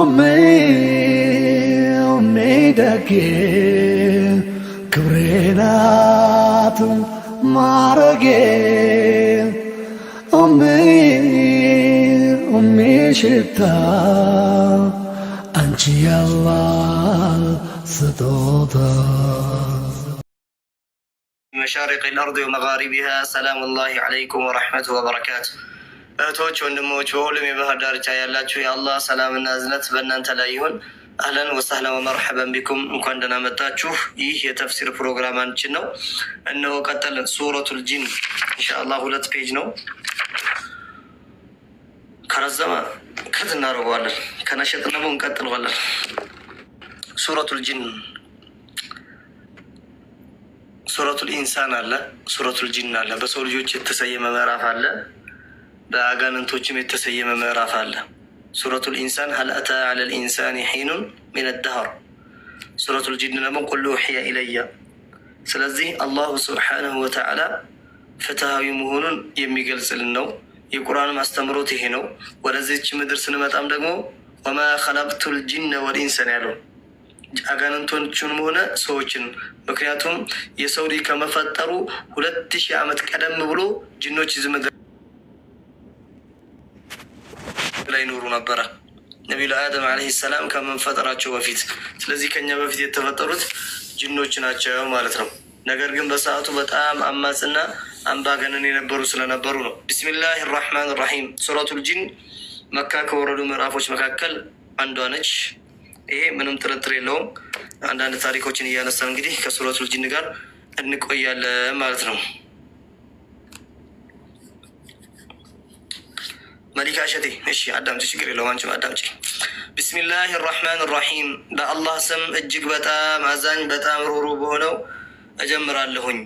أمي أمي دكي كبرينات معرقي أمي أمي شتا أنت الله سطوطا مشارق الأرض ومغاربها سلام الله عليكم ورحمة وبركاته እህቶች፣ ወንድሞች በሁሉም የባህር ዳርቻ ያላችሁ የአላህ ሰላምና እዝነት በእናንተ ላይ ይሁን። አህለን ወሳህለን ወመርሐበን ቢኩም እንኳን ደህና መጣችሁ። ይህ የተፍሲር ፕሮግራማችን ነው። እነሆ ቀጠልን። ሱረቱል ጂን ኢንሻአላህ ሁለት ፔጅ ነው። ከረዘመ ከት እናደርገዋለን፣ ከነሸጥ ደግሞ እንቀጥለዋለን። ሱረቱል ጂን ሱረቱል ኢንሳን አለ፣ ሱረቱል ጂን አለ። በሰው ልጆች የተሰየመ ምዕራፍ አለ። በአጋንንቶችም የተሰየመ ምዕራፍ አለ። ሱረቱል ኢንሳን ሀል አታ ዐለ ልኢንሳን ሒኑን ሚን አዳህር። ሱረቱል ጂን ደግሞ ቁል ኡሕየ ኢለየ። ስለዚህ አላሁ ስብሓነሁ ወተዓላ ፍትሃዊ መሆኑን የሚገልጽልን ነው። የቁርአን ማስተምሮት ይሄ ነው። ወደዚች ምድር ስንመጣም ደግሞ ወማ ኸለቅቱል ጂነ ወልኢንሰን ያለው አጋንንቶቹንም ሆነ ሰዎችን። ምክንያቱም የሰው ልጅ ከመፈጠሩ ሁለት ሺህ ዓመት ቀደም ብሎ ጅኖች ዝምድር በአንድ ላይ ይኖሩ ነበረ ነቢዩ አደም ዓለይሂ ሰላም ከመንፈጠራቸው በፊት። ስለዚህ ከኛ በፊት የተፈጠሩት ጅኖች ናቸው ማለት ነው። ነገር ግን በሰዓቱ በጣም አማጽና አምባገነን የነበሩ ስለነበሩ ነው። ቢስሚላህ ራህማን ራሂም ሱረቱል ጂን መካ ከወረዱ ምዕራፎች መካከል አንዷ ነች። ይሄ ምንም ጥርጥር የለውም። አንዳንድ ታሪኮችን እያነሳ እንግዲህ ከሱረቱል ጂን ጋር እንቆያለን ማለት ነው። መሊካ እሸቴ እሺ፣ አዳምጪ፣ ችግር የለውም አንቺም አዳምጪ። ቢስሚላህ ራህማን ራሒም በአላህ ስም እጅግ በጣም አዛኝ በጣም ሩሩ በሆነው እጀምራለሁኝ።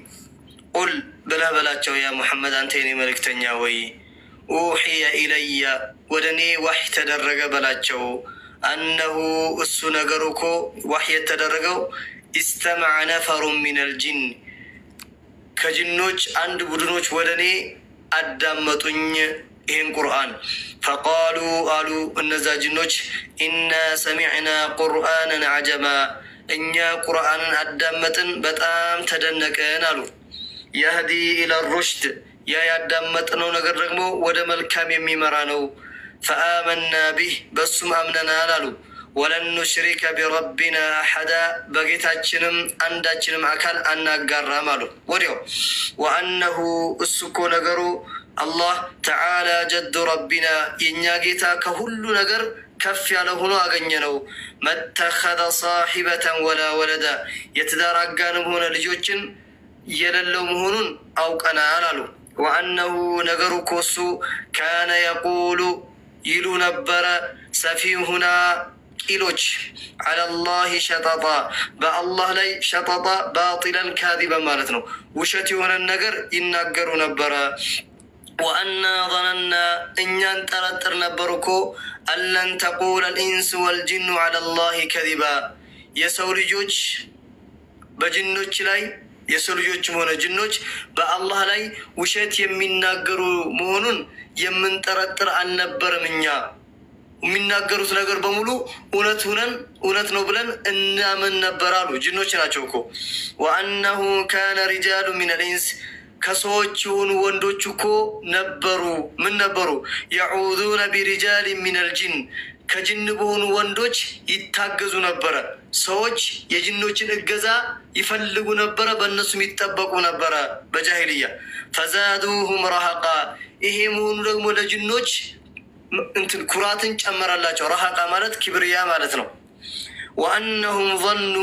ቁል ብለህ በላቸው፣ ያ ሙሐመድ አንተ የኔ መልእክተኛ ወይ ኡሕየ ኢለየ ወደ እኔ ዋሕ ተደረገ በላቸው። አነሁ እሱ ነገሩ እኮ ዋሕ የተደረገው ኢስተማዐ ነፈሩ ሚነል ጅን ከጅኖች አንድ ቡድኖች ወደ እኔ አዳመጡኝ ይህን ቁርአን ፈቃሉ አሉ እነዛ ጅኖች ኢና ሰሚዕና ቁርአንን አጀማ እኛ ቁርአንን አዳመጥን በጣም ተደነቀን አሉ። የህዲ ኢላ ሩሽድ ያ ያዳመጥነው ነገር ደግሞ ወደ መልካም የሚመራ ነው። ፈአመና ቢህ በሱም አምነናል አሉ። ወለን ኑሽሪከ ቢረቢና አሐዳ በጌታችንም አንዳችንም አካል አናጋራም አሉ። ወዲያው ወአነሁ እሱ እኮ ነገሩ አላህ ተዓላ ጀዱ ረቢና የእኛ ጌታ ከሁሉ ነገር ከፍ ያለ ሆኖ አገኘ ነው። መተኸዘ ሳሒበተን ወላ ወለዳ የትዳር አጋንም ሆነ ልጆችን የሌለው መሆኑን አውቀናል አሉ። ወአነሁ ነገሩ ኮሱ ካነ የቁሉ ይሉ ነበረ ሰፊሁና ቂሎች አለላሂ ሸጠጣ በአላህ ላይ ሸጠጣ ባጢለን ካዚበን ማለት ነው ውሸት የሆነን ነገር ይናገሩ ነበረ። ወአና ظነና እኛን ጠረጥር ነበር እኮ አለን ተቁል አልኢንስ ወልጅኑ አለላሂ ላህ ከዚባ የሰው ልጆች በጅኖች ላይ የሰው ልጆችም ሆነ ጅኖች በአላህ ላይ ውሸት የሚናገሩ መሆኑን የምንጠረጥር አልነበርም። እኛ የሚናገሩት ነገር በሙሉ እውነት ሁነን እውነት ነው ብለን እናምን ነበር አሉ። ጅኖች ናቸው እኮ ወአነሁ ካነ ሪጃሉ ሚነል ኢንስ ከሰዎች የሆኑ ወንዶች እኮ ነበሩ። ምን ነበሩ? የዑዙነ ቢሪጃል ሚነል ከጅን በሆኑ ወንዶች ይታገዙ ነበረ። ሰዎች የጅኖችን እገዛ ይፈልጉ ነበረ፣ በእነሱም ይጠበቁ ነበረ በጃሂልያ ፈዛዱሁም ረሃቃ። ይሄ መሆኑ ደግሞ ለጅኖች እንትን ኩራትን ጨመራላቸው። ረሃቃ ማለት ኪብርያ ማለት ነው። ወአነሁም ظኑ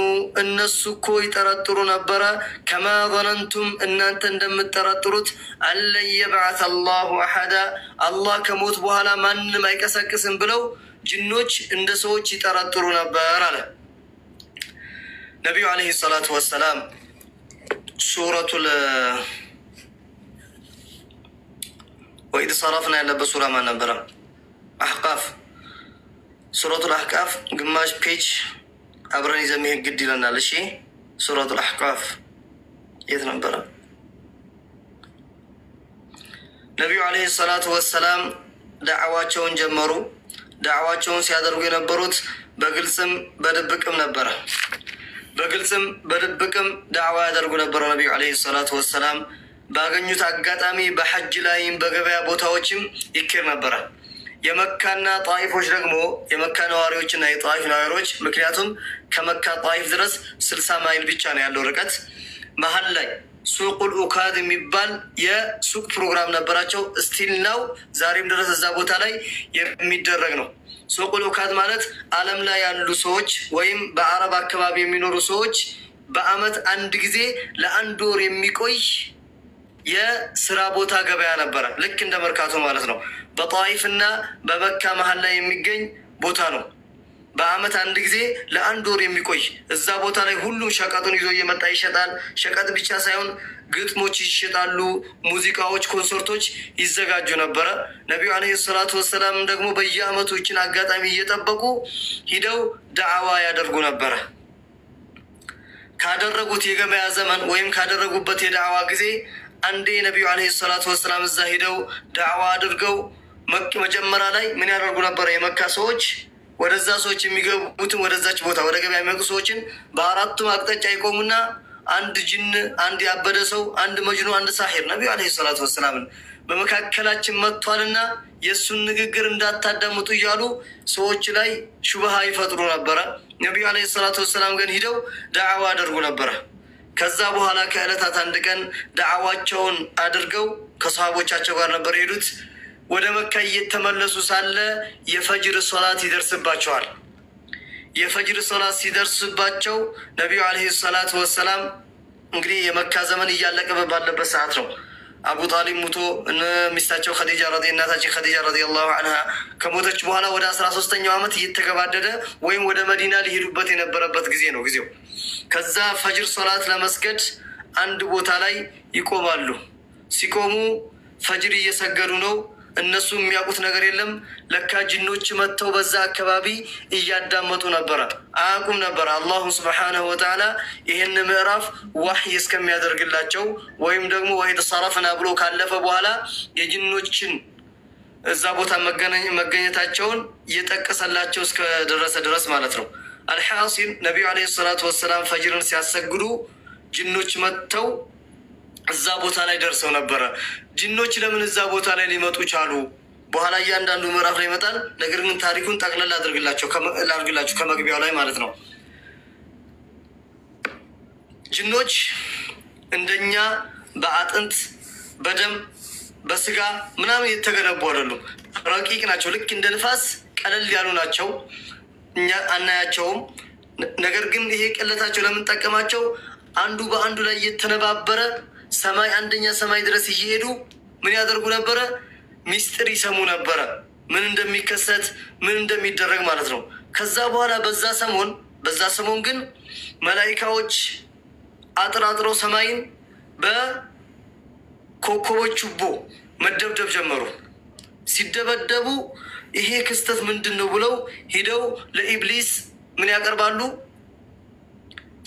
እነሱ እኮ ይጠረጥሩ ነበረ። ከማ ظነንቱም እናንተ እንደምትጠረጥሩት አለን የብዓት አላሁ አሐዳ አላህ ከሞት በኋላ ማንም አይቀሰቅስም ብለው ጅኖች እንደ ሰዎች ይጠረጥሩ ነበር አለ ነቢዩ ዓለይሂ ሰላቱ ወሰላም። ሱረቱል ወኢድ ሰረፍና ያለበት ሱራ ማን ነበረ? አሕቃፍ ሱረቱል አሕቃፍ ግማሽ ፔጅ አብረን ይዘን መሄድ ግድ ይለናል። እሺ ሱረቱ የት ነበረ? ነቢዩ ዓለይሂ ሰላቱ ወሰላም ዳዕዋቸውን ጀመሩ። ዳዕዋቸውን ሲያደርጉ የነበሩት በግልጽም በድብቅም ነበረ። በግልጽም በድብቅም ዳዕዋ ያደርጉ ነበረ። ነቢዩ ዓለይሂ ሰላቱ ወሰላም ባገኙት አጋጣሚ በሐጅ ላይም በገበያ ቦታዎችም ይኬድ ነበረ። የመካና ጣይፎች ደግሞ የመካ ነዋሪዎችና የጣይፍ ነዋሪዎች ምክንያቱም ከመካ ጣይፍ ድረስ ስልሳ ማይል ብቻ ነው ያለው ርቀት። መሀል ላይ ሱቁል ኡካድ የሚባል የሱቅ ፕሮግራም ነበራቸው። ስቲል ናው ዛሬም ድረስ እዛ ቦታ ላይ የሚደረግ ነው። ሱቁል ኡካድ ማለት ዓለም ላይ ያሉ ሰዎች ወይም በአረብ አካባቢ የሚኖሩ ሰዎች በአመት አንድ ጊዜ ለአንድ ወር የሚቆይ የስራ ቦታ ገበያ ነበረ። ልክ እንደ መርካቶ ማለት ነው። በጣይፍና በመካ መሀል ላይ የሚገኝ ቦታ ነው። በአመት አንድ ጊዜ ለአንድ ወር የሚቆይ እዛ ቦታ ላይ ሁሉም ሸቀጡን ይዞ እየመጣ ይሸጣል። ሸቀጥ ብቻ ሳይሆን ግጥሞች ይሸጣሉ፣ ሙዚቃዎች፣ ኮንሰርቶች ይዘጋጁ ነበረ። ነቢዩ አለይሂ ሰላቱ ወሰላም ደግሞ በየአመቱ ይችን አጋጣሚ እየጠበቁ ሂደው ዳዕዋ ያደርጉ ነበረ። ካደረጉት የገበያ ዘመን ወይም ካደረጉበት የዳዕዋ ጊዜ አንዴ ነቢዩ አለይሂ ሰላቱ ወሰላም እዛ ሂደው ዳዕዋ አድርገው መጀመሪያ ላይ ምን ያደርጉ ነበረ? የመካ ሰዎች ወደዛ ሰዎች የሚገቡትን ወደዛች ቦታ ወደ ገበያ የሚመጡ ሰዎችን በአራቱም አቅጣጫ ይቆሙና አንድ ጅን፣ አንድ ያበደ ሰው፣ አንድ መጅኑ፣ አንድ ሳሒር ነቢዩ አለይሂ ሰላቱ ወሰላምን በመካከላችን መጥቷልና የእሱን ንግግር እንዳታዳምጡ እያሉ ሰዎች ላይ ሹብሃ ይፈጥሩ ነበረ። ነቢዩ አለይሂ ሰላቱ ወሰላም ግን ሂደው ዳዕዋ አደርጉ ነበረ። ከዛ በኋላ ከዕለታት አንድ ቀን ዳዕዋቸውን አድርገው ከሰሃቦቻቸው ጋር ነበር የሄዱት። ወደ መካ እየተመለሱ ሳለ የፈጅር ሶላት ይደርስባቸዋል። የፈጅር ሶላት ሲደርስባቸው ነቢዩ አለይሂ ሰላቱ ወሰላም እንግዲህ የመካ ዘመን እያለቀበ ባለበት ሰዓት ነው አቡ ጣሊብ ሙቶ ሚስታቸው ከዲጃ እናታችን ከዲጃ ላሁ አንሃ ከሞተች በኋላ ወደ አስራ ሶስተኛው ዓመት እየተገባደደ ወይም ወደ መዲና ሊሄዱበት የነበረበት ጊዜ ነው ጊዜው። ከዛ ፈጅር ሶላት ለመስገድ አንድ ቦታ ላይ ይቆማሉ። ሲቆሙ ፈጅር እየሰገዱ ነው። እነሱ የሚያውቁት ነገር የለም። ለካ ጅኖች መጥተው በዛ አካባቢ እያዳመጡ ነበረ፣ አያውቁም ነበረ። አላሁ ስብሓነሁ ወተዓላ ይህን ምዕራፍ ዋህይ እስከሚያደርግላቸው ወይም ደግሞ ወሂድ ሰረፍና ብሎ ካለፈ በኋላ የጅኖችን እዛ ቦታ መገኘታቸውን እየጠቀሰላቸው እስከደረሰ ድረስ ማለት ነው። አልሓሲል ነቢዩ ዓለይሂ ሰላቱ ወሰላም ፈጅርን ሲያሰግዱ ጅኖች መጥተው እዛ ቦታ ላይ ደርሰው ነበረ። ጅኖች ለምን እዛ ቦታ ላይ ሊመጡ ቻሉ? በኋላ እያንዳንዱ ምዕራፍ ላይ ይመጣል። ነገር ግን ታሪኩን ጠቅለል ላድርግላቸው ከመግቢያው ላይ ማለት ነው። ጅኖች እንደኛ በአጥንት በደም በስጋ ምናምን የተገነቡ አይደሉም። ረቂቅ ናቸው። ልክ እንደ ንፋስ ቀለል ያሉ ናቸው። እኛ አናያቸውም። ነገር ግን ይሄ ቅለታቸው ለምንጠቀማቸው አንዱ በአንዱ ላይ እየተነባበረ ሰማይ አንደኛ ሰማይ ድረስ እየሄዱ ምን ያደርጉ ነበረ? ሚስጥር ይሰሙ ነበረ፣ ምን እንደሚከሰት ምን እንደሚደረግ ማለት ነው። ከዛ በኋላ በዛ ሰሞን በዛ ሰሞን ግን መላይካዎች አጥራጥረው ሰማይን በኮከቦች ችቦ መደብደብ ጀመሩ። ሲደበደቡ ይሄ ክስተት ምንድን ነው ብለው ሂደው ለኢብሊስ ምን ያቀርባሉ?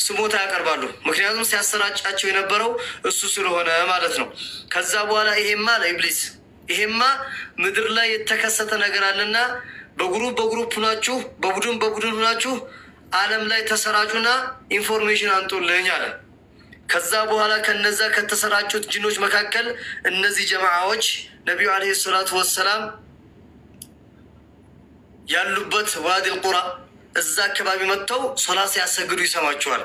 ስሞታ ያቀርባሉ። ምክንያቱም ሲያሰራጫቸው የነበረው እሱ ስለሆነ ማለት ነው። ከዛ በኋላ ይሄማ ለኢብሊስ ይሄማ ምድር ላይ የተከሰተ ነገር አለና በግሩፕ በግሩፕ ሁናችሁ በቡድን በቡድን ሁናችሁ አለም ላይ ተሰራጩና ኢንፎርሜሽን አንጡልኝ አለ። ከዛ በኋላ ከነዛ ከተሰራጩት ጅኖች መካከል እነዚህ ጀማዓዎች ነቢዩ አለይሂ ሰላቱ ወሰላም ያሉበት ዋዲል ቁራ እዛ አካባቢ መጥተው ሶላት ሲያሰግዱ ይሰማቸዋል።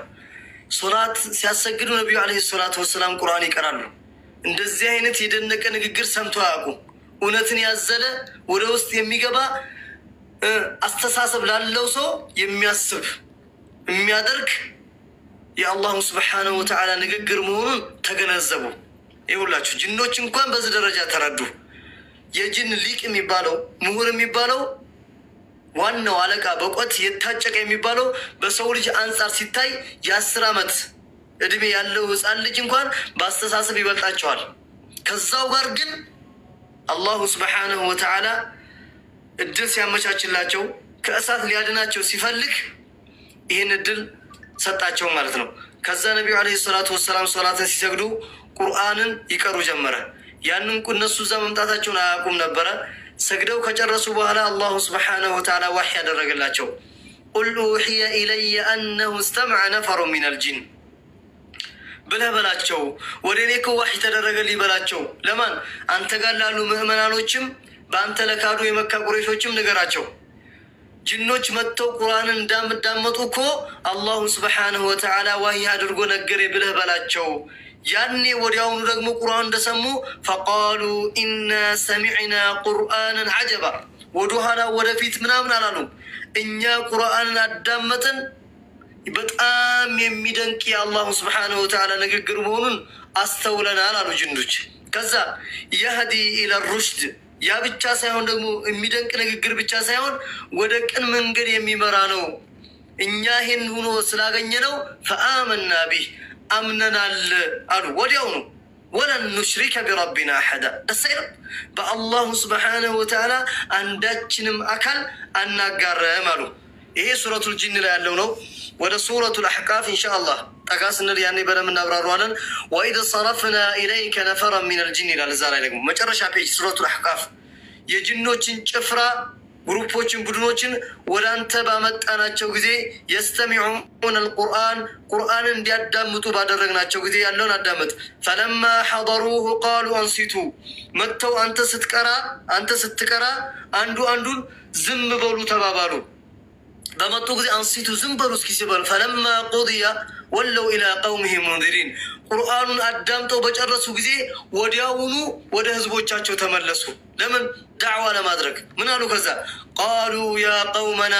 ሶላት ሲያሰግዱ ነቢዩ ዓለይሂ ሰላቱ ወሰላም ቁርአን ይቀራሉ። እንደዚህ አይነት የደነቀ ንግግር ሰምተው አያውቁ እውነትን ያዘለ ወደ ውስጥ የሚገባ አስተሳሰብ ላለው ሰው የሚያስብ የሚያደርግ የአላሁ ስብሓነሁ ወተዓላ ንግግር መሆኑን ተገነዘቡ። ይሁላችሁ ጅኖች እንኳን በዚህ ደረጃ ተረዱ። የጅን ሊቅ የሚባለው ምሁር የሚባለው ዋናው አለቃ በቆት የታጨቀ የሚባለው በሰው ልጅ አንጻር ሲታይ የአስር ዓመት እድሜ ያለው ህፃን ልጅ እንኳን በአስተሳሰብ ይበልጣቸዋል። ከዛው ጋር ግን አላሁ ስብሓነሁ ወተዓላ እድል ሲያመቻችላቸው ከእሳት ሊያድናቸው ሲፈልግ ይህን እድል ሰጣቸው ማለት ነው። ከዛ ነቢዩ ዓለይሂ ሰላቱ ወሰላም ሶላትን ሲሰግዱ ቁርአንን ይቀሩ ጀመረ። ያንን እነሱ እዛ መምጣታቸውን አያውቁም ነበረ። ሰግደው ከጨረሱ በኋላ አላሁ ስብሓነሁ ወተዓላ ዋህ ያደረገላቸው ቁል ኡሕየ ኢለየ አነሁ እስተምዐ ነፈሩ ሚነል ጂን ብለህ በላቸው። ወደ እኔ እኮ ዋህ የተደረገልኝ በላቸው። ለማን አንተ ጋር ላሉ ምእመናኖችም፣ በአንተ ለካዱ የመካ ቁሬሾችም ንገራቸው። ጅኖች መጥተው ቁርአንን እንዳምዳመጡ እኮ አላሁ ስብሓነሁ ወተዓላ ዋህ አድርጎ ነገሬ ብለህ በላቸው። ያኔ ወዲያውኑ ደግሞ ቁርአን እንደሰሙ ፈቃሉ ኢና ሰሚዕና ቁርአንን አጀባ ወደኋላ ወደፊት ምናምን አላሉ። እኛ ቁርአንን አዳመጥን። በጣም የሚደንቅ የአላሁ ስብሓነሁ ወተዓላ ንግግር መሆኑን አስተውለናል አሉ ጅንዶች። ከዛ የህዲ ኢላ ሩሽድ ያ ብቻ ሳይሆን ደግሞ የሚደንቅ ንግግር ብቻ ሳይሆን ወደ ቅን መንገድ የሚመራ ነው። እኛ ይህን ሆኖ ስላገኘ ነው ፈአመና ቢህ አምነናል አሉ። ወዲያው ነው ወለን ኑሽሪከ ቢረቢና አሐዳ ደስ አይለም። በአላሁ ስብሓነሁ ወተዓላ አንዳችንም አካል አናጋረም አሉ። ይሄ ሱረቱል ጂን ላይ ያለው ነው። ወደ ሱረቱል አሕቃፍ ኢንሻአላህ ጠጋ ስንል ያኔ በደንብ እናብራረዋለን። ወኢዝ ሰረፍና ኢለይከ ነፈረን ሚነል ጂን ይላል እዛ ላይ ደግሞ መጨረሻ ፔጅ ሱረቱል አሕቃፍ የጅኖችን ጭፍራ ግሩፖችን፣ ቡድኖችን ወደ አንተ ባመጣናቸው ጊዜ የስተሚዑን አልቁርአን ቁርአንን እንዲያዳምጡ ባደረግናቸው ጊዜ ያለውን አዳምጥ። ፈለማ ሐضሩሁ ቃሉ አንሲቱ መጥተው አንተ ስትቀራ አንተ ስትቀራ አንዱ አንዱን ዝም በሉ ተባባሉ። በመጡ ጊዜ አንስቱ ዝም በሉ እስኪ ሲባል ፈለማ ቁድያ ወለው ኢላ ቀውሚሂም ሙንዚሪን ቁርአኑን አዳምጠው በጨረሱ ጊዜ ወዲያውኑ ወደ ህዝቦቻቸው ተመለሱ። ለምን ዳዕዋ ለማድረግ ምን አሉ? ከዛ ቃሉ ያ ቀውመና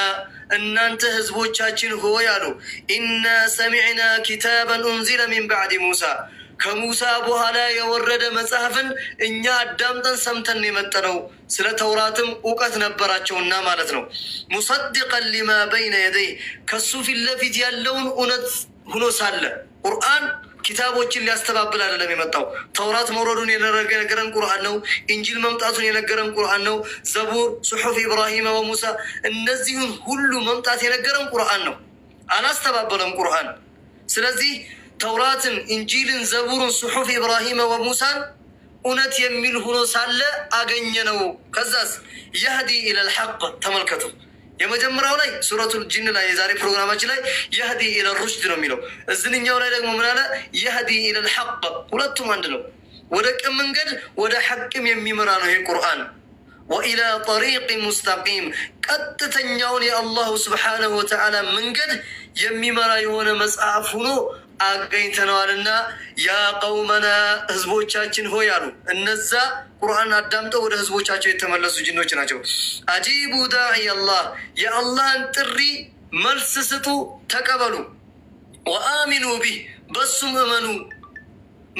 እናንተ ህዝቦቻችን ሆይ አሉ ኢና ሰሚዕና ኪታበን ኡንዚለ ሚን ባዕድ ሙሳ ከሙሳ በኋላ የወረደ መጽሐፍን እኛ አዳምጠን ሰምተን የመጠ ነው። ስለ ተውራትም እውቀት ነበራቸውና ማለት ነው። ሙሰድቀን ሊማ በይነ የደይ ከሱ ፊት ለፊት ያለውን እውነት ሆኖ ሳለ ቁርአን ኪታቦችን ሊያስተባብል አይደለም የመጣው። ተውራት መውረዱን የነገረን ቁርአን ነው። ኢንጂል መምጣቱን የነገረን ቁርአን ነው። ዘቡር፣ ጽሑፍ ኢብራሂም ወሙሳ እነዚህን ሁሉ መምጣት የነገረን ቁርአን ነው። አላስተባበለም ቁርአን ስለዚህ ተውራትን፣ እንጂልን፣ ዘቡርን ስሑፍ ኢብራሂመ ወሙሳን እውነት የሚል ሆኖ ሳለ አገኘ ነው። ከዛስ የህዲ ኢለል ሐቅ ተመልከቱ። የመጀመሪያው ላይ ሱረቱ ጅን ላይ የዛሬ ፕሮግራማችን ላይ የህዲ ኢለል ሩሽድ ነው የሚለው፣ እዝንኛው ላይ ደግሞ ምን አለ? የህዲ ኢለል ሐቅ። ሁለቱም አንድ ነው። ወደ ቅን መንገድ ወደ ሐቅም የሚመራ ነው ይህ ቁርአን። ወኢላ ጠሪቅ ሙስተቂም ቀጥተኛውን የአላሁ ስብሓነሁ ወተዓላ መንገድ የሚመራ የሆነ መጽሐፍ ሆኖ አገኝተነዋልና ያ ቀውመና ህዝቦቻችን ሆይ አሉ። እነዛ ቁርአን አዳምጠው ወደ ህዝቦቻቸው የተመለሱ ጅኖች ናቸው። አጂቡ ዳዒ አላህ የአላህን ጥሪ መልስ ስጡ፣ ተቀበሉ። ወአሚኑ ቢህ በሱም እመኑ።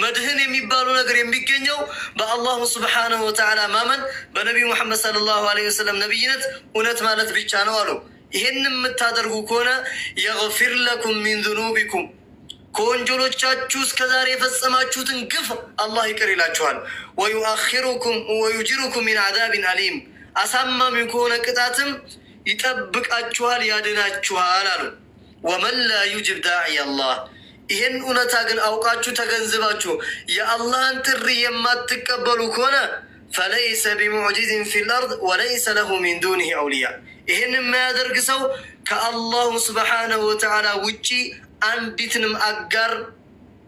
መድህን የሚባሉ ነገር የሚገኘው በአላሁ ስብሓነሁ ወተዓላ ማመን በነቢዩ ሙሐመድ ሰለላሁ ዐለይሂ ወሰለም ነቢይነት እውነት ማለት ብቻ ነው አሉ። ይህን የምታደርጉ ከሆነ የግፊር ለኩም ሚን ዙኑቢኩም ከወንጀሎቻችሁ እስከ ዛሬ የፈጸማችሁትን ግፍ አላህ ይቅር ይላችኋል። ወዩአኪሩኩም ወዩጅሩኩም ሚን አዛቢን አሊም አሳማሚ ከሆነ ቅጣትም ይጠብቃችኋል፣ ያድናችኋል አሉ። ወመን ላ ዩጅብ ዳዕይ አላህ ይህን እውነታ ግን አውቃችሁ ተገንዝባችሁ የአላህን ጥሪ የማትቀበሉ ከሆነ ፈለይሰ ቢሙዕጂዝን ፊል አርድ ወለይሰ ለሁ ሚን ዱኒህ አውልያ ይህን የማያደርግ ሰው ከአላሁ ስብሓነሁ ወተዓላ ውጪ አንዲትንም አጋር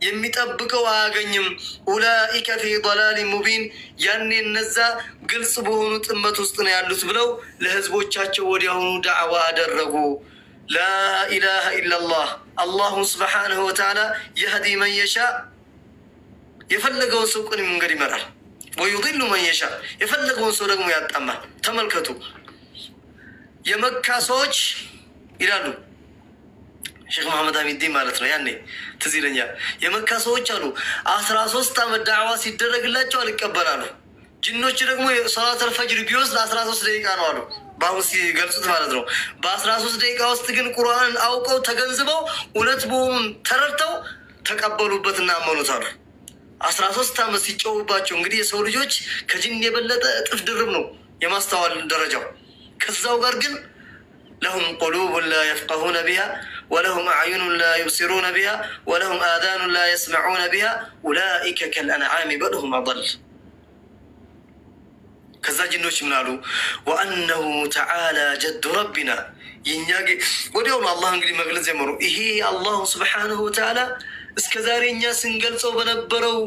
የሚጠብቀው አያገኝም። ኡላኢከ ፊ ضላል ሙቢን ያኔ እነዛ ግልጽ በሆኑ ጥመት ውስጥ ነው ያሉት ብለው ለህዝቦቻቸው ወዲያውኑ ዳዕዋ አደረጉ። ላኢላሃ ኢላላህ አላሁ ስብሓነሁ ወተዓላ የህዲ መን የሻ የፈለገውን ሰው ቅን መንገድ ይመራል። ወዩድሉ መን የሻ የፈለገውን ሰው ደግሞ ያጣማል። ተመልከቱ የመካ ሰዎች ይላሉ ሼክ መሐመድ አሚንዴ ማለት ነው። ያኔ ትዝ ይለኛል የመካ ሰዎች አሉ አስራ ሶስት አመት ዳዕዋ ሲደረግላቸው አልቀበላሉ። ጅኖች ደግሞ ሰላተል ፈጅር ቢወስድ አስራ ሶስት ደቂቃ ነው አሉ በአሁን ሲገልጹት ማለት ነው። በአስራ ሶስት ደቂቃ ውስጥ ግን ቁርአንን አውቀው ተገንዝበው እውነት በሆኑ ተረድተው ተቀበሉበት እና አመኑት አሉ። አስራ ሶስት አመት ሲጨውባቸው እንግዲህ የሰው ልጆች ከጅን የበለጠ እጥፍ ድርብ ነው የማስተዋል ደረጃው ከዛው ጋር ግን ለሁም ቁሉቡን ላ የፍቀሁነ ቢሃ ወለሁም አዕዩኑን ላ ዩብሲሩነ ቢሃ ወለሁም አዛኑን ላ የስመዑነ ቢሃ ኡላኢከ ከልአንዓሚ በልሁም አበል። ከዛ ጅኖች ምን አሉ? ወአነሁ ተዓላ ጀዱ ረቢና የእኛ ወዲያውም አላህ እንግዲህ መግለጽ ጀመሩ። ይሄ አላሁ ስብሓነሁ ወተዓላ እስከ ዛሬ እኛ ስንገልጸው በነበረው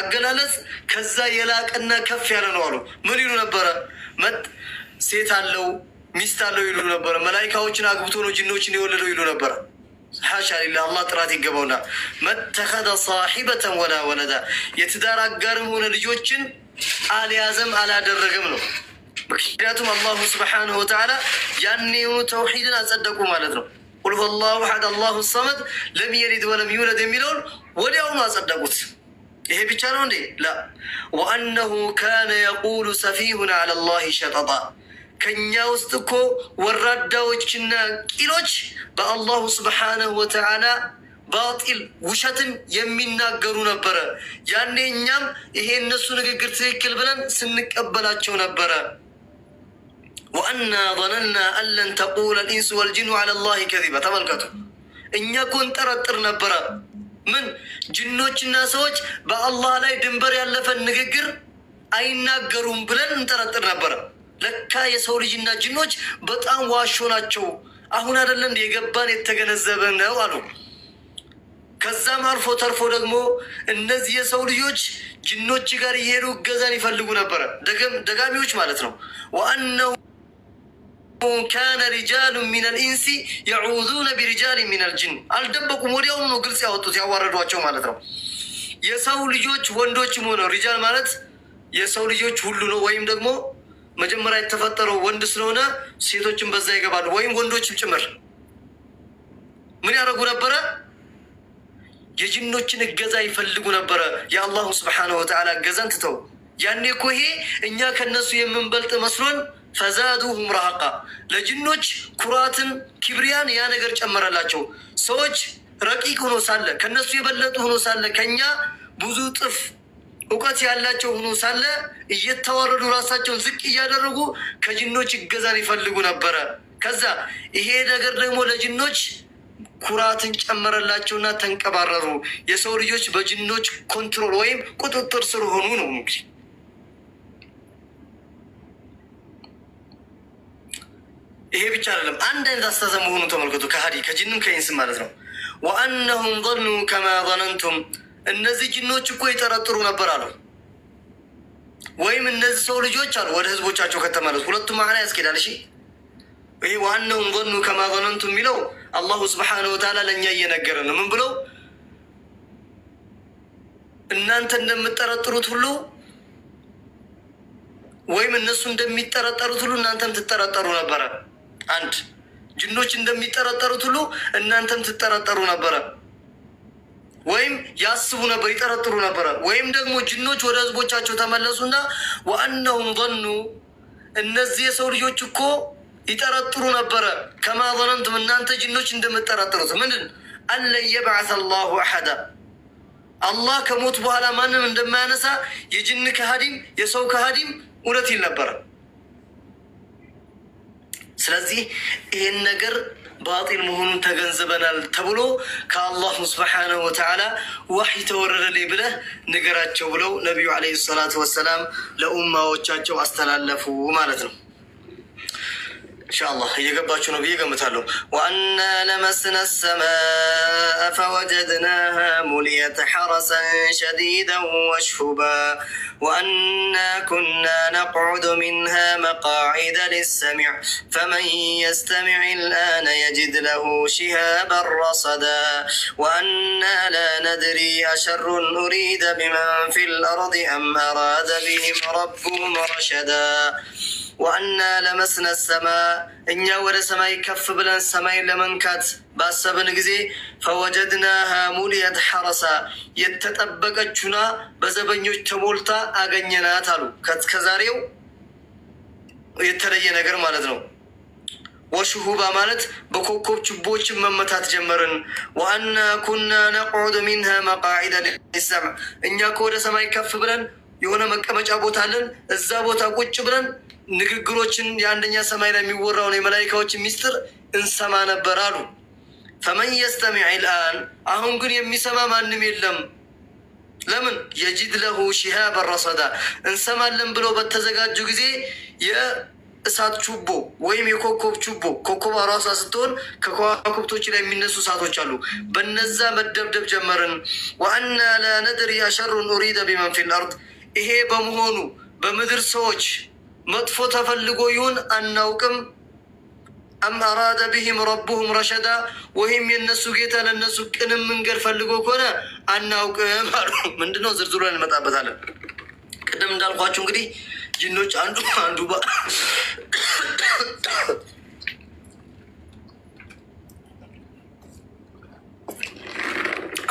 አገላለጽ ከዛ የላቀና ከፍ ያለ ነው አሉ። ምን ይሉ ነበረ? መጥ ሴት አለው ሚስት አለው ይሉ ነበረ። መላይካዎችን አግብቶ ነው ጅኖችን የወለደው ይሉ ነበረ። ሓሻ ሊላ አላህ ጥራት ይገባውና መተኸደ ሳሒበተን ወላ ወለዳ የትዳር አጋርም ሆነ ልጆችን አልያዘም አላደረገም ነው። ምክንያቱም አላሁ ስብሓንሁ ወተዓላ ያኔ የሆኑ ተውሒድን አጸደቁ ማለት ነው። ቁል ሁ አላሁ አሐድ አላሁ ሰመድ ለም የሊድ ወለም ይውለድ የሚለውን ወዲያውኑ አጸደቁት። ይሄ ብቻ ነው እንዴ? ላ ወአነሁ ካነ የቁሉ ሰፊሁና ዐላ ላሂ ሸጠጣ ከኛ ውስጥ እኮ ወራዳዎችና ቂሎች በአላሁ ስብሓነሁ ወተዓላ ባጢል ውሸትን የሚናገሩ ነበረ። ያኔ እኛም ይሄ እነሱ ንግግር ትክክል ብለን ስንቀበላቸው ነበረ። ወአና ظነና አለን ተቁለ ልኢንስ ወልጅኑ ዐላ ላህ ከዚባ። ተመልከቱ፣ እኛ እኮ እንጠረጥር ነበረ። ምን ጅኖችና ሰዎች በአላህ ላይ ድንበር ያለፈን ንግግር አይናገሩም ብለን እንጠረጥር ነበረ። ለካ የሰው ልጅና ጅኖች በጣም ዋሾ ናቸው። አሁን አይደለ የገባን የተገነዘበ ነው አሉ። ከዛም አልፎ ተርፎ ደግሞ እነዚህ የሰው ልጆች ጅኖች ጋር እየሄዱ እገዛን ይፈልጉ ነበረ፣ ደጋሚዎች ማለት ነው። ወአነሁ ካነ ሪጃሉ ሚን ልኢንሲ የዑዙነ ቢሪጃል ሚን ልጅን አልደበቁም፣ ወዲያውኑ ነው ግልጽ ያወጡት፣ ያዋረዷቸው ማለት ነው። የሰው ልጆች ወንዶችም ሆነው ሪጃል ማለት የሰው ልጆች ሁሉ ነው ወይም ደግሞ መጀመሪያ የተፈጠረው ወንድ ስለሆነ ሴቶችን በዛ ይገባሉ፣ ወይም ወንዶችም ጭምር ምን ያደረጉ ነበረ? የጅኖችን እገዛ ይፈልጉ ነበረ። የአላሁ ስብሓነሁ ወተዓላ እገዛን ትተው ያኔ እኮ ይሄ እኛ ከነሱ የምንበልጥ መስሎን ፈዛዱሁም ረሃቃ ለጅኖች ኩራትን፣ ኪብሪያን ያ ነገር ጨመረላቸው። ሰዎች ረቂቅ ሆኖ ሳለ ከነሱ የበለጡ ሆኖ ሳለ ከኛ ብዙ ጥፍ እውቀት ያላቸው ሆኖ ሳለ እየተዋረዱ ራሳቸውን ዝቅ እያደረጉ ከጅኖች ይገዛን ይፈልጉ ነበረ። ከዛ ይሄ ነገር ደግሞ ለጅኖች ኩራትን ጨመረላቸውና ተንቀባረሩ። የሰው ልጆች በጅኖች ኮንትሮል ወይም ቁጥጥር ስር ሆኑ ነው እንግዲህ ይሄ ብቻ አይደለም። አንድ አይነት አስተሳሰብ መሆኑን ተመልከቱ። ከሀዲ ከጅንም ከኢንስም ማለት ነው። ወአነሁም ظኑ ከማ ظነንቱም እነዚህ ጅኖች እኮ የጠረጥሩ ነበር አለው። ወይም እነዚህ ሰው ልጆች አሉ ወደ ህዝቦቻቸው ከተመለሱ ሁለቱ ማህና ያስኬዳል። እሺ ይህ ዋናውን ጎኑ ከማበነንቱ የሚለው አላሁ ስብሓነ ወተዓላ ለእኛ እየነገረ ነው። ምን ብለው እናንተ እንደምጠረጥሩት ሁሉ ወይም እነሱ እንደሚጠረጠሩት ሁሉ እናንተም ትጠረጠሩ ነበረ። አንድ ጅኖች እንደሚጠረጠሩት ሁሉ እናንተም ትጠረጠሩ ነበረ። ወይም ያስቡ ነበር ይጠረጥሩ ነበረ። ወይም ደግሞ ጅኖች ወደ ህዝቦቻቸው ተመለሱና ወአነሁም ظኑ እነዚህ የሰው ልጆች እኮ ይጠረጥሩ ነበረ። ከማ ظነንቱም እናንተ ጅኖች እንደምጠረጥሩት ምንድን አለን የብዓት ላሁ አሐዳ አላህ ከሞት በኋላ ማንም እንደማያነሳ የጅን ከሃዲም የሰው ከሃዲም እውነት ይል ነበረ። ስለዚህ ይህን ነገር ባጢል መሆኑን ተገንዝበናል ተብሎ ከአላሁ ስብሓነሁ ወተዓላ ዋሕይ ተወረደልኝ ብለህ ንገራቸው ብለው ነቢዩ ዓለይሂ ሰላቱ ወሰላም ለኡማዎቻቸው አስተላለፉ ማለት ነው። ان شاء الله هي قبل يقبلك نبي قمت وانا لمسنا السماء فوجدناها مليت حرسا شديدا وشهبا وانا كنا نقعد منها مقاعد للسمع فمن يستمع الان يجد له شهابا رصدا وانا لا ندري اشر اريد بمن في الارض ام اراد بهم ربهم رشدا ወአና ለመስነ ሰማ እኛ ወደ ሰማይ ከፍ ብለን ሰማይን ለመንካት ባሰብን ጊዜ ፈወጀድናሃ ሙልየት ሐረሳ የተጠበቀችና በዘበኞች ተሞልታ አገኘናት አሉ። ከዛሬው የተለየ ነገር ማለት ነው። ወሽሁባ ማለት በኮከብ ችቦችን መመታት ጀመርን። ወአና ኩና ነቁዑድ ሚንሃ መቃዒደ ሊሰምዕ እኛ ከወደ ሰማይ ከፍ ብለን የሆነ መቀመጫ ቦታ አለን። እዛ ቦታ ቁጭ ብለን ንግግሮችን የአንደኛ ሰማይ ላይ የሚወራውን የመላይካዎች ሚስጥር እንሰማ ነበር አሉ። ፈመን የስተሚዕ ልአን አሁን ግን የሚሰማ ማንም የለም። ለምን የጅድ ለሁ ሺሃብ ረሰዳ እንሰማለን ብለው በተዘጋጁ ጊዜ የእሳት ችቦ ወይም የኮከብ ችቦ፣ ኮከብ ራሷ ስትሆን ከከዋክብቶች ላይ የሚነሱ እሳቶች አሉ። በነዛ መደብደብ ጀመርን። ወአና ላ ነድሪ አሸሩን ኡሪደ ቢመን ፊል አርድ ይሄ በመሆኑ በምድር ሰዎች መጥፎ ተፈልጎ ይሁን አናውቅም። አም አራደ ብሂም ረቡሁም ረሸዳ ወይም የነሱ ጌታ ለነሱ ቅንም መንገድ ፈልጎ ከሆነ አናውቅም አሉ። ምንድነው ዝርዝሩ ላይ እንመጣበታለን። ቅድም እንዳልኳችሁ እንግዲህ ጅኖች አንዱ አንዱ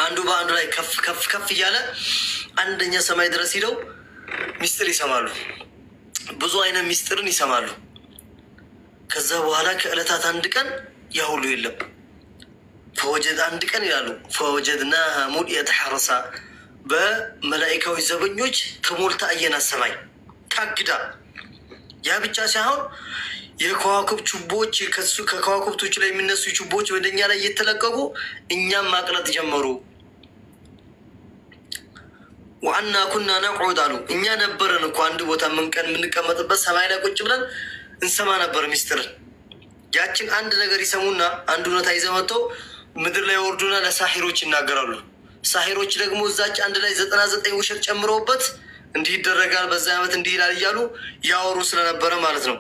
አንዱ በአንዱ ላይ ከፍ ከፍ ከፍ እያለ አንደኛ ሰማይ ድረስ ሂደው ሚስጥር ይሰማሉ። ብዙ አይነት ሚስጥርን ይሰማሉ። ከዛ በኋላ ከእለታት አንድ ቀን ያ ሁሉ የለም። ፈወጀድ አንድ ቀን ይላሉ ፈወጀድና ሙድ የተሐረሳ በመላኢካዊ ዘበኞች ተሞልታ አየና ሰማይ ታግዳ። ያ ብቻ ሳይሆን የከዋክብ ችቦች ከከዋክብቶች ላይ የሚነሱ ችቦዎች ወደኛ ላይ እየተለቀቁ እኛም ማቅለጥ ጀመሩ። ዋና ኩና ነቁዑድ አሉ። እኛ ነበረን እኮ አንድ ቦታ ምንቀን የምንቀመጥበት ሰማይ ላይ ቁጭ ብለን እንሰማ ነበር ሚስጥርን። ያችን አንድ ነገር ይሰሙና አንድ እውነታ ይዘው መጥተው ምድር ላይ ወርዱና ለሳሒሮች ይናገራሉ። ሳሒሮች ደግሞ እዛች አንድ ላይ ዘጠና ዘጠኝ ውሸት ጨምረውበት እንዲህ ይደረጋል፣ በዛ ዓመት እንዲህ ይላል እያሉ ያወሩ ስለነበረ ማለት ነው።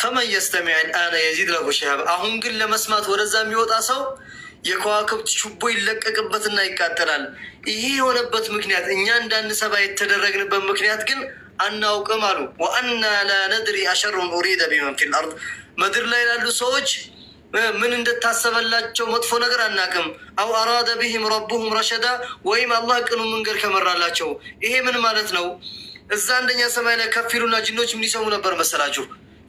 ፈመን የስተሚዕ አነ የዚድ ለሁ ሺሃብ። አሁን ግን ለመስማት ወደዛ የሚወጣ ሰው የከዋክብት ችቦ ይለቀቅበትና ይቃጠላል። ይሄ የሆነበት ምክንያት እኛ እንዳንሰባ የተደረግንበት ምክንያት ግን አናውቅም አሉ። ወአና ላ ነድሪ አሸሩን ኡሪደ ቢመን ፊል አርድ ምድር ላይ ላሉ ሰዎች ምን እንደታሰበላቸው መጥፎ ነገር አናቅም። አው አራደ ቢህም ረቡሁም ረሸዳ ወይም አላህ ቅኑ መንገድ ከመራላቸው። ይሄ ምን ማለት ነው? እዛ አንደኛ ሰማይ ላይ ከፊሉና ጅኖች ምን ይሰሙ ነበር መሰላችሁ?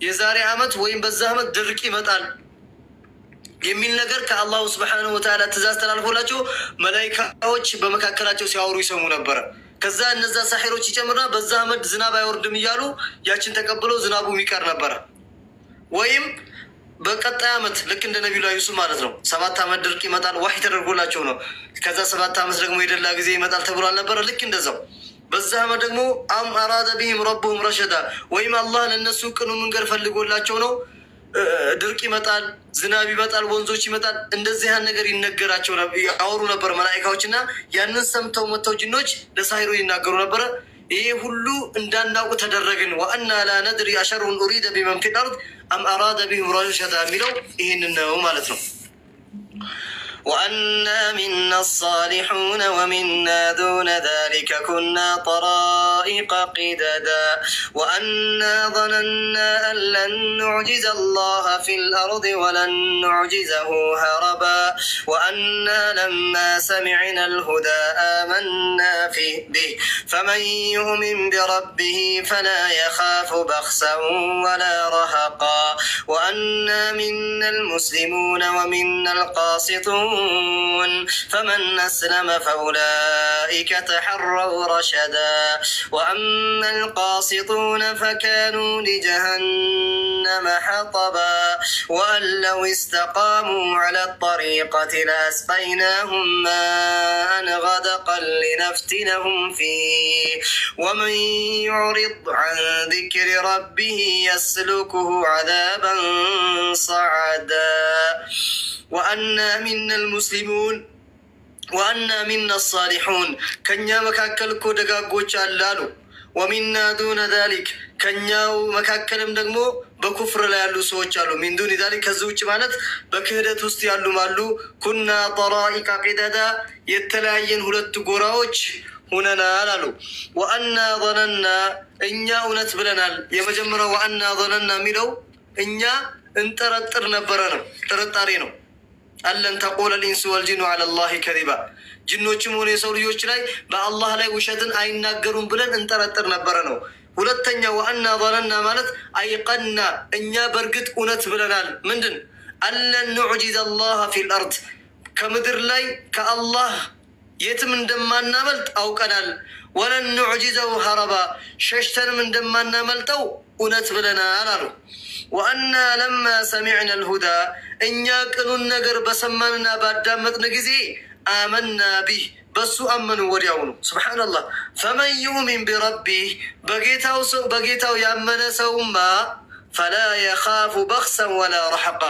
የዛሬ አመት ወይም በዛ አመት ድርቅ ይመጣል የሚል ነገር ከአላሁ ስብሓነሁ ወተዓላ ትእዛዝ ተላልፎላቸው መላይካዎች በመካከላቸው ሲያወሩ ይሰሙ ነበረ። ከዛ እነዛ ሳሒሮች ይጨምርና በዛ አመድ ዝናብ አይወርድም እያሉ ያችን ተቀብለው ዝናቡ የሚቀር ነበረ ወይም በቀጣይ አመት ልክ እንደ ነቢዩ ዩሱፍ ማለት ነው። ሰባት አመት ድርቅ ይመጣል፣ ዋህይ ተደርጎላቸው ነው። ከዛ ሰባት አመት ደግሞ የደላ ጊዜ ይመጣል ተብሎ አልነበረ? ልክ እንደዛው በዛ አመት ደግሞ አም አራደ ቢህም ረብሁም ረሸዳ ወይም አላህ ለእነሱ ቅኑ መንገድ ፈልጎላቸው ነው ድርቅ ይመጣል፣ ዝናብ ይመጣል፣ ወንዞች ይመጣል። እንደዚህ ያን ነገር ይነገራቸው ያወሩ ነበር መላይካዎች እና ያንን ሰምተው መጥተው ጅኖች ለሳይሮ ይናገሩ ነበረ። ይሄ ሁሉ እንዳናውቅ ተደረግን። ወአና ላ ነድሪ አሸሩን ኡሪደ ቢመን ፊል አርድ አም አራደ ቢሂም ረሸዳ የሚለው ይህንን ነው ማለት ነው። وأنا منا الصالحون ومنا دون ذلك كنا طرائق قددا وأنا ظننا أن لن نعجز الله في الأرض ولن نعجزه هربا وأنا لما سمعنا الهدى آمنا به فمن يؤمن بربه فلا يخاف بخسا ولا رهقا وأنا منا المسلمون ومنا القاسطون يشركون فمن أسلم فأولئك تحروا رشدا وأما القاسطون فكانوا لجهنم حطبا وأن لو استقاموا على الطريقة لأسقيناهم ماء غدقا لنفتنهم فيه ومن يعرض عن ذكر ربه يسلكه عذابا صعدا ወአና ሚና ልሙስሊሙን ወአና ሚና ሳሊሑን ከእኛ መካከል እኮ ደጋጎች አለ ወሚና ዱነ ዛሊክ ከኛው መካከልም ደግሞ በኩፍር ላይ ያሉ ሰዎች አሉ። ሚን ዱን ዛሊክ ከዚ ውጭ ማለት በክህደት ውስጥ ያሉም አሉ። ኩና ጠራኢቃ ቂዳዳ የተለያየን ሁለት ጎራዎች ሁነናል አሉ። ወአና ዘነና እኛ እውነት ብለናል። የመጀመሪያው ወአና ዘነና የሚለው እኛ እንጠረጥር ነበረ ነው፣ ጥርጣሬ ነው። አለን ተቆለ ሊንስ ወልጂኑ አለላሂ ከዚባ ጅኖችም ሆነ የሰው ልጆች ላይ በአላህ ላይ ውሸትን አይናገሩም ብለን እንጠረጥር ነበረ ነው። ሁለተኛ ወአና ዘለና ማለት አይቀና እኛ በእርግጥ እውነት ብለናል። ምንድን አለን ኑዕጂዝ አላህ ፊል አርድ ከምድር ላይ ከአላህ የትም እንደማናመልጥ አውቀናል። ወለን ኑዕጂዘው ሀረባ ሸሽተንም እንደማናመልጠው እውነት ብለናል አሉ። ወአና ለማ ሰሚዕና ልሁዳ እኛ ቅኑን ነገር በሰማንና ባዳመጥን ጊዜ አመና ቢህ በሱ አመኑ ወዲያውኑ። ስብሓንላህ ፈመን ዩእሚን ቢረቢህ በጌታው ያመነ ሰውማ ፈላ የኻፉ በክሰን ወላ ረሐቃ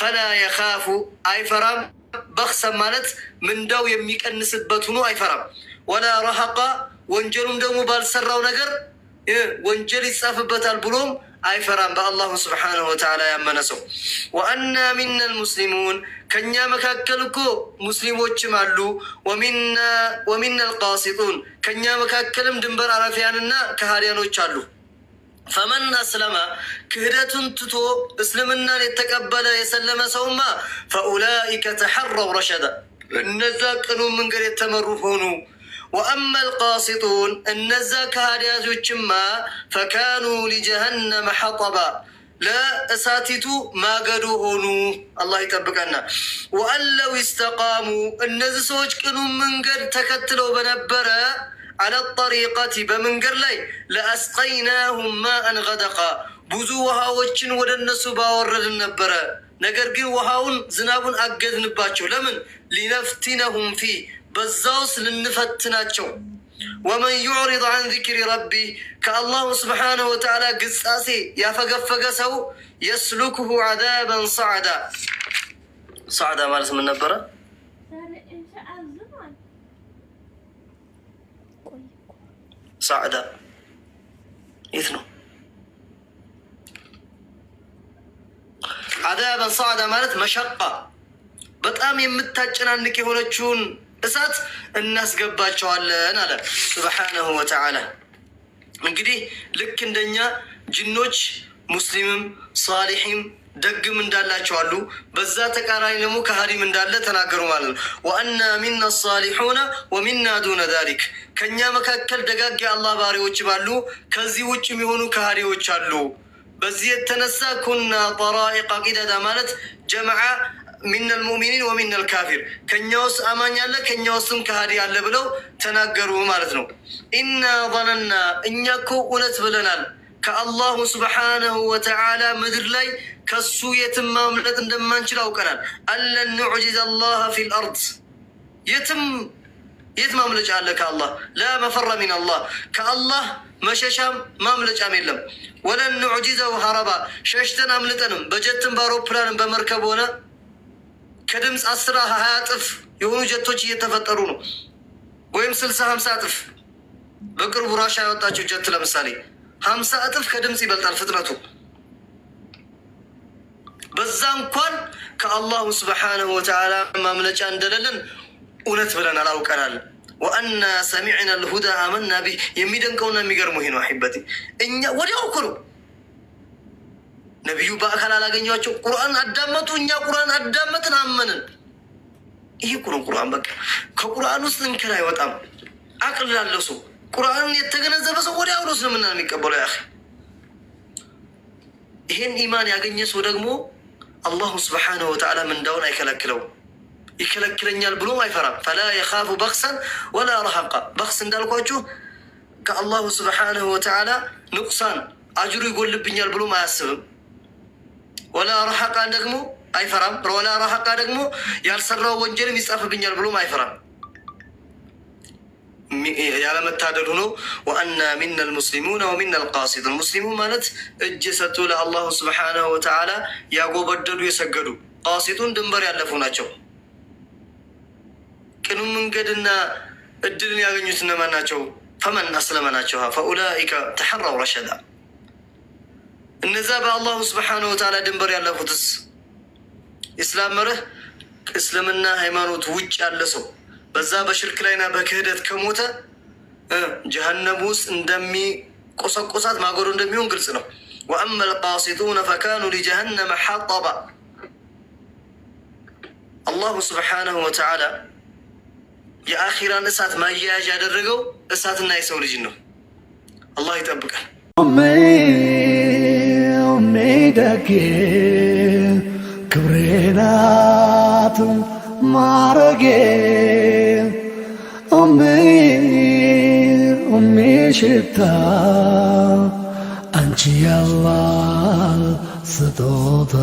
ፈላ የኻፉ አይፈራም። በክሰን ማለት ምንዳው የሚቀንስበት ሁኖ አይፈራም። ወላ ረሐቃ ወንጀሉም ደግሞ ባልሰራው ነገር ወንጀል ይጻፍበታል ብሎም አይፈራም። በአላሁ ስብሓነሁ ወተዓላ ያመነ ሰው ወአና ሚና ልሙስሊሙን ከእኛ መካከል እኮ ሙስሊሞችም አሉ። ወሚና ልቃሲጡን ከእኛ መካከልም ድንበር አረፊያንና ከሃዲያኖች አሉ። ፈመን አስለማ ክህደቱን ትቶ እስልምናን የተቀበለ የሰለመ ሰውማ ፈኡላኢከ ተሐረው ረሸዳ እነዛ ቅኑ መንገድ የተመሩ ሆኑ ወአመል ቃሲጡን እነዛ ከሃዲያጆችማ ፈካኑ ሊጀሃነመ ሐጠባ ለእሳቲቱ ማገዶ ሆኑ። አላህ ይጠብቀና። ወአለው ይስተቃሙ እነዚህ ሰዎች ቅኑ መንገድ ተከትለው በነበረ አለ ጠሪቀቲ በመንገድ ላይ ለአስቀይናሁም ማአን ገደቃ ብዙ ውሃዎችን ወደ እነሱ ባወረድን ነበረ። ነገር ግን ውሃውን ዝናቡን አገድንባቸው። ለምን ሊነፍቲነሁም ፊ በዛው ስልንፈትናቸው ወመን ዩዕሪድ አን ዚክሪ ረቢ ከአላሁ ስብሓነሁ ወተዓላ ግጻሴ ያፈገፈገ ሰው የስሉክሁ ዓዛበን ሰዓዳ ሰዕዳ ማለት ምን ነበረ? ሰዕዳ የት ነው? ዓዛበን ሰዕዳ ማለት መሸቃ፣ በጣም የምታጨናንቅ የሆነችውን እሳት እናስገባቸዋለን አለ ሱብሓነሁ ወተዓላ። እንግዲህ ልክ እንደኛ ጅኖች ሙስሊምም ሳሊሒም ደግም እንዳላቸው አሉ። በዛ ተቃራኒ ደግሞ ከሃዲም እንዳለ ተናገሩ ማለት ነው። ወአና ሚና ሳሊሑነ ወሚና ዱነ ዛሊክ፣ ከእኛ መካከል ደጋግ የአላህ ባሪዎችም አሉ፣ ከዚህ ውጭ የሆኑ ከሃዲዎች አሉ። በዚህ የተነሳ ኩና ጠራኢቃ ቂደዳ ማለት ጀምዓ ሚነል ሙእሚኒን ወሚነል ካፊር ከእኛ ውስጥ አማኝ አለ ከእኛ ውስጥም ከሃዲ አለ ብለው ተናገሩ ማለት ነው። ኢና ظነና እኛ ኮ እውነት ብለናል ከአላሁ ስብሓነሁ ወተዓላ ምድር ላይ ከሱ የትም ማምለጥ እንደማንችል አውቀናል። አለን ንዕጅዝ አላህ ፊል አርድ የትም የት ማምለጫ አለ ከአላህ ላ መፈራ ሚን አላህ ከአላህ መሸሻም ማምለጫም የለም። ወለን ንዕጅዘው ሀረባ ሸሽተን አምልጠንም በጀትም በአውሮፕላንም በመርከብ ሆነ ከድምፅ አስራ ሀያ እጥፍ የሆኑ ጀቶች እየተፈጠሩ ነው፣ ወይም ስልሳ ሀምሳ እጥፍ። በቅርቡ ራሻ ያወጣችው ጀት ለምሳሌ ሀምሳ እጥፍ ከድምፅ ይበልጣል ፍጥነቱ። በዛ እንኳን ከአላሁ ስብሓነሁ ወተዓላ ማምለጫ እንደሌለን እውነት ብለን አላውቀናል። ወአና ሰሚዕና ልሁዳ አመና ቢህ። የሚደንቀውና የሚገርመው ይሄ ነው። አሒበቴ እኛ ወዲያው እኮ ነው ነቢዩ በአካል አላገኘቸው። ቁርአን አዳመጡ። እኛ ቁርአን አዳመጥን፣ አመንን። ይህ ቁርን ቁርአን በቃ ከቁርአን ውስጥ እንክን አይወጣም። አቅል ላለው ሰው ቁርአንን የተገነዘበ ሰው ወደ አውሎ ስለምና የሚቀበለው። ያ ይሄን ኢማን ያገኘ ሰው ደግሞ አላሁ ስብሓነሁ ወተዓላ ምንዳውን አይከለክለውም። ይከለክለኛል ብሎም አይፈራም። ፈላ የኻፉ በክሰን ወላ ረሃቃ በክስ እንዳልኳችሁ ከአላሁ ስብሓነሁ ወተዓላ ንቁሳን አጅሩ ይጎልብኛል ብሎም አያስብም። ወላ ረሐቃ ደግሞ አይፈራም። ወላ ረሐቃ ደግሞ ያልሰራው ወንጀልም ይጻፍብኛል ብሎም አይፈራም። ያለመታደል ሆኖ ወአና ሚና ልሙስሊሙን ወሚና ልቃሲጡን ሙስሊሙ ማለት እጅ የሰጡ ለአላሁ ስብሓነሁ ወተዓላ ያጎበደዱ የሰገዱ፣ ቃሲጡን ድንበር ያለፉ ናቸው። ቅኑ መንገድና እድልን ያገኙት እነማን ናቸው? ፈመን አስለመ ናቸውሃ ፈኡላኢከ ተሐራው ረሸዳ እነዛ በአላሁ ስብሓነሁ ወተዓላ ድንበር ያለፉትስ እስላም መርህ እስልምና ሃይማኖት ውጭ ያለ ሰው በዛ በሽርክ ላይና በክህደት ከሞተ ጀሀነም ውስጥ እንደሚቆሰቆሳት ማገዶ እንደሚሆን ግልጽ ነው። ወአማ ልቃሲጡነ ፈካኑ ሊጀሀነመ ሐጠባ። አላሁ ስብሓነሁ ወተዓላ የአኺራን እሳት ማያያዥ ያደረገው እሳትና የሰው ልጅ ነው። አላህ ይጠብቃል። ደጌ ክብሬ ናት ማረጌ እሜ እሜ ሽታ አንቺ ያላ ስጦታ